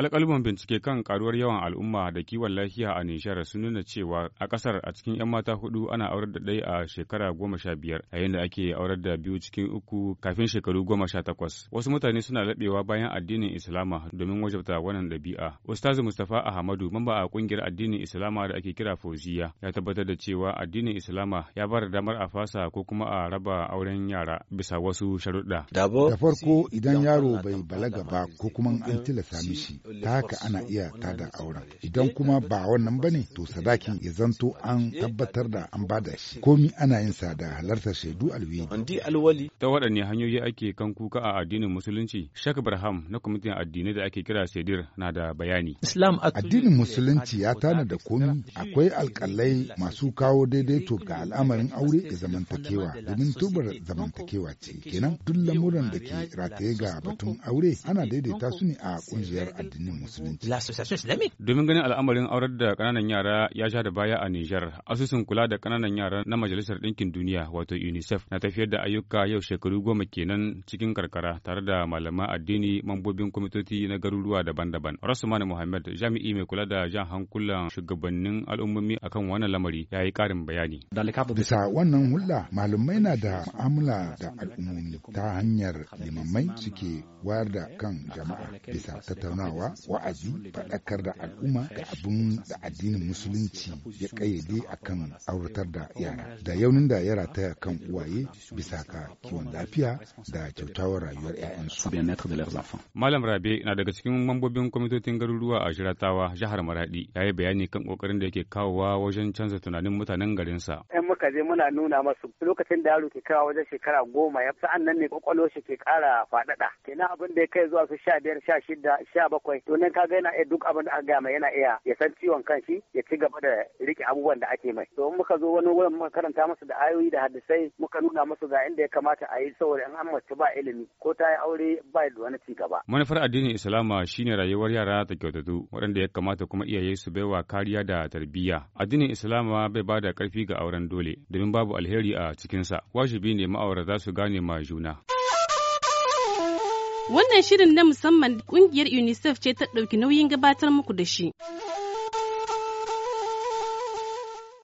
alƙaluman bincike kan karuwar yawan al'umma da kiwon lafiya a Nijar sun nuna cewa a ƙasar a cikin 'yan mata hudu ana aurar da ɗaya a shekara goma sha biyar yayin da ake aurar da biyu cikin uku kafin shekaru goma sha takwas. Wasu mutane suna laɓewa bayan addinin Islama domin wajabta wannan ɗabi'a. Ustazu mustafa Ahmadu mamba a ƙungiyar addinin Islama da ake kira Fauziya ya tabbatar da cewa addinin Islama ya ba da damar a fasa ko kuma a raba auren yara bisa wasu sharuɗa. Da farko idan yaro bai balaga ba ko kuma an tilasta mishi ta haka ana iya tada auren idan kuma ba wannan ba ne to sadakin ya zanto an tabbatar da an ba da shi komi ana yin sa da halartar shaidu alwali ta waɗanne hanyoyi ake kan kuka a addinin musulunci shak barham na kwamitin addinai da ake kira sedir na da bayani addinin musulunci ya tana da komi akwai alƙalai masu kawo daidaito ga al'amarin aure da zamantakewa domin tubar zamantakewa ce kenan duk lamuran da ke rataye ga batun aure ana daidaita su ne a ƙungiyar addini addinin musulunci. Domin ganin al'amarin aurar da kananan yara ya sha da baya a Nijar, asusun kula da kananan yara na Majalisar Ɗinkin Duniya wato UNICEF na tafiyar da ayyuka yau shekaru goma kenan cikin karkara tare da malaman addini mambobin kwamitoci na garuruwa daban-daban. Rasumani Muhammad jami'i mai kula da jan hankulan shugabannin al'ummomi akan wannan lamari ya yi ƙarin bayani. Bisa wannan hulɗa malamai na da mu'amala da al'ummomi ta hanyar limamai suke wayar da kan jama'a bisa tattaunawa cewa wa'azi faɗakar da al'umma ga abin da addinin musulunci ya ƙayyade akan auratar da yara da yaunin da yara ta kan uwaye bisa ka kiwon lafiya da kyautawar rayuwar 'ya'yansu. Malam Rabe na daga cikin mambobin kwamitocin garuruwa a Shiratawa jihar Maradi ya yi bayani kan ƙoƙarin da yake kawowa wajen canza tunanin mutanen garinsa. Yan muka je muna nuna masu lokacin da yaro ke kawo wajen shekara goma ya sa'an nan ne kwakwalwar shi ke ƙara faɗaɗa kenan abin da ya kai zuwa su sha biyar sha shida sha bakwai to nan kaga yana iya duk abin da aka gaya mai yana iya ya san ciwon kanshi ya ci gaba da rike abubuwan da ake mai to muka zo wani wurin muka karanta masa da ayoyi da hadisai muka nuna masa ga inda ya kamata a yi saboda in an mace ba ilimi ko ta yi aure ba da wani ci gaba. manufar addinin islama shine rayuwar yara ta kyautatu waɗanda ya kamata kuma iyaye su baiwa kariya da tarbiyya addinin islama bai ba da ƙarfi ga auren dole domin babu alheri a cikinsa wajibi ne ma'aurata su gane ma juna. Wannan shirin na musamman kungiyar UNICEF ce ta ɗauki nauyin gabatar muku da shi.